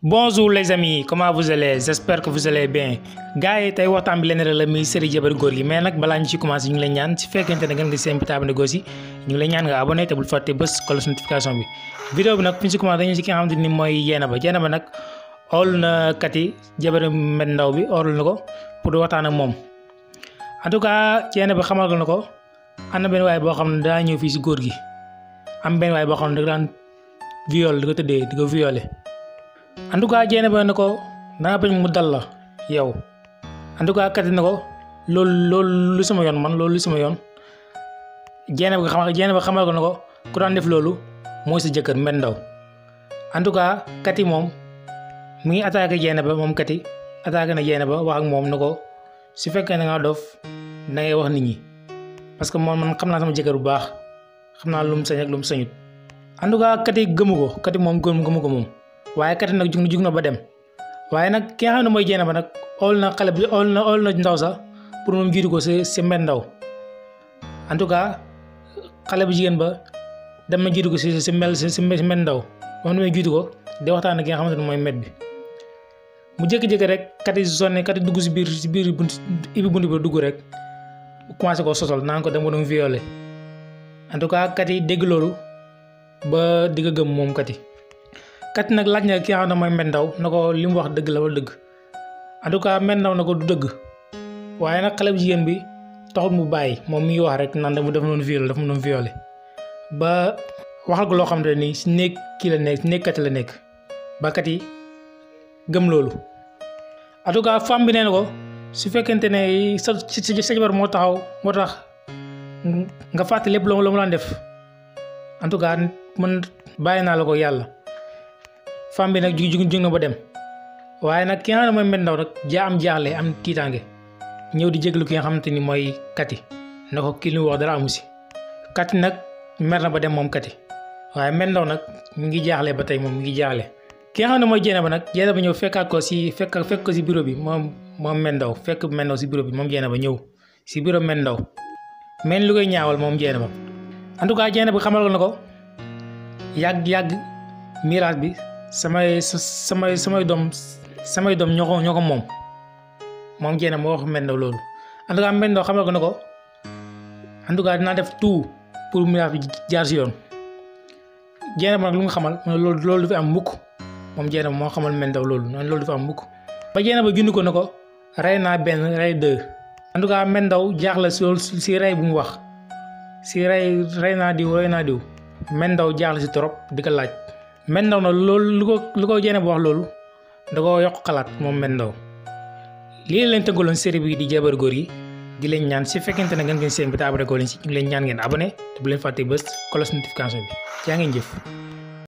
bon jour amis comment vous allez j'espère yi tey waxtaan bi leen rek la muy série jabar góor gi mais nag balaa ñu ci commencé ñu ngi lay ñaan si fekkente ne ngeen ngi seen bitaab négocié ñu ngi lay ñaan nga abonné te bul fàtte bés cloche bi. vidéo bi nag fi ñu si commencé dañu si ki ba Jeena ba Ndaw bi ool na ko pour waxtaan ak moom en tout cas Jeena ba xamal na ko am na benn waay boo xam ne daa ñëw fii si góor gi am benn waay boo xam ne da daan viol di ko tëddee di ko violé en tout cas Dieynaba ne ko naa bañ mu dal la yow en tout cas Kati ne ko loolu loolu lu sama yoon man loolu lu sama yoon jeene nga xam Dieynaba xamal ko ne ko ku daan def loolu mooy sa jëkkër Mbène Ndao en tout cas Kati moom mu ngi attaqué Dieynaba moom Kati attaqué na Dieynaba wax ak moom ne ko su fekkee na nga dof na ngay wax nit ñi parce que moom man xam naa sama jëkkër bu baax xam naa lu mu sañ ak lu mu sañut en tout cas Kati gëmu ko Kati moom gëmu ko moom. waaye kat nag jug na na ba dem waaye nag ki nga xam ne mooy nag ool na xale bi ool na ndaw sax pour moom jiitu ko si si ndaw en tout cas xale bu jigéen ba dem na jiitu ko si si mbedd si mbedd ndaw moom la may jiitu ko di waxtaan ak ki nga xamante mooy mbedd bi. mu jékki jëkk rek kat yi sonné kat dugg si biir si biir bunt ibi bunt bi dugg rek commencé ko sosol naan ko dem ko doon violé en tout cas kat yi dégg loolu ba digg gëm moom kat kat nag laaj na ki nga xam ne mooy Mbène Ndao na ko li mu wax dëgg la wala dëgg en tout cas Mbène Ndao na ko du dëgg waaye nag xale bu jigéen bi taxul mu bàyyi moom mi ngi wax rek naan dafa doon violé dafa doon violé ba waxal ko loo xam ne nii si néeg kii la nekk si néeg kat la nekk ba kat yi gëm loolu. en tout cas femme bi nee na ko su fekkente ne sa sa jabar moo taxaw moo tax nga fàtte lépp loo mu daan def en tout cas man bàyyi naa la ko yàlla. femme bi nag jug jug jug na ba dem waaye nag ki nga xam ne mooy Mbeth Ndao nag jaa jaaxle am tiitaange ñëw di jéglu ki nga xamante ni mooy Kati na ko kii li wax dara amu si Kati nag mer na ba dem moom Kati waaye Mbeth Ndao nag mi ngi jaaxle ba tey moom mi ngi jaaxle ki nga xam ne mooy Jeynaba nag Jeynaba ñëw fekkaat ko si fekk fekk ko si biro bi moom moom Mbeth Ndao fekk menn Ndao si bureau bi moom ba ñëw si bureau Mbeth Ndao mel lu koy ñaawal moom Jeynaba en tout cas Jeynaba xamal ko ko yàgg yàgg miraas bi samay samay samay doom samay doom ñoo ko moom moom jéene moo wax Mbendoo loolu en tout cas xamal ko ne ko en tout cas dinaa def tout pour miraas bi jaar si yoon jéene lu nga xamal mu ne loolu am mukk moom jéene moo xamal Mbendoo loolu noonu loolu du fi am mukk ba jéene ba junni ko ne rey naa benn rey deux en tout cas Mbendoo si loolu si rey bu mu wax si rey rey naa diw rey naa diw ndaw jaaxle si trop di ko laaj met ndaw na loolu lu ko lu ko jene bu wax loolu da ko yokk xalaat moom met ndaw lii leen loon série yi di jabar góor yi di leen ñaan si fekkente ne ngeen seen bi te abonné ko leen si ñu leen ñaan ngeen abonné te bu leen fàtte bés cloche notification bi jaa ngeen jëf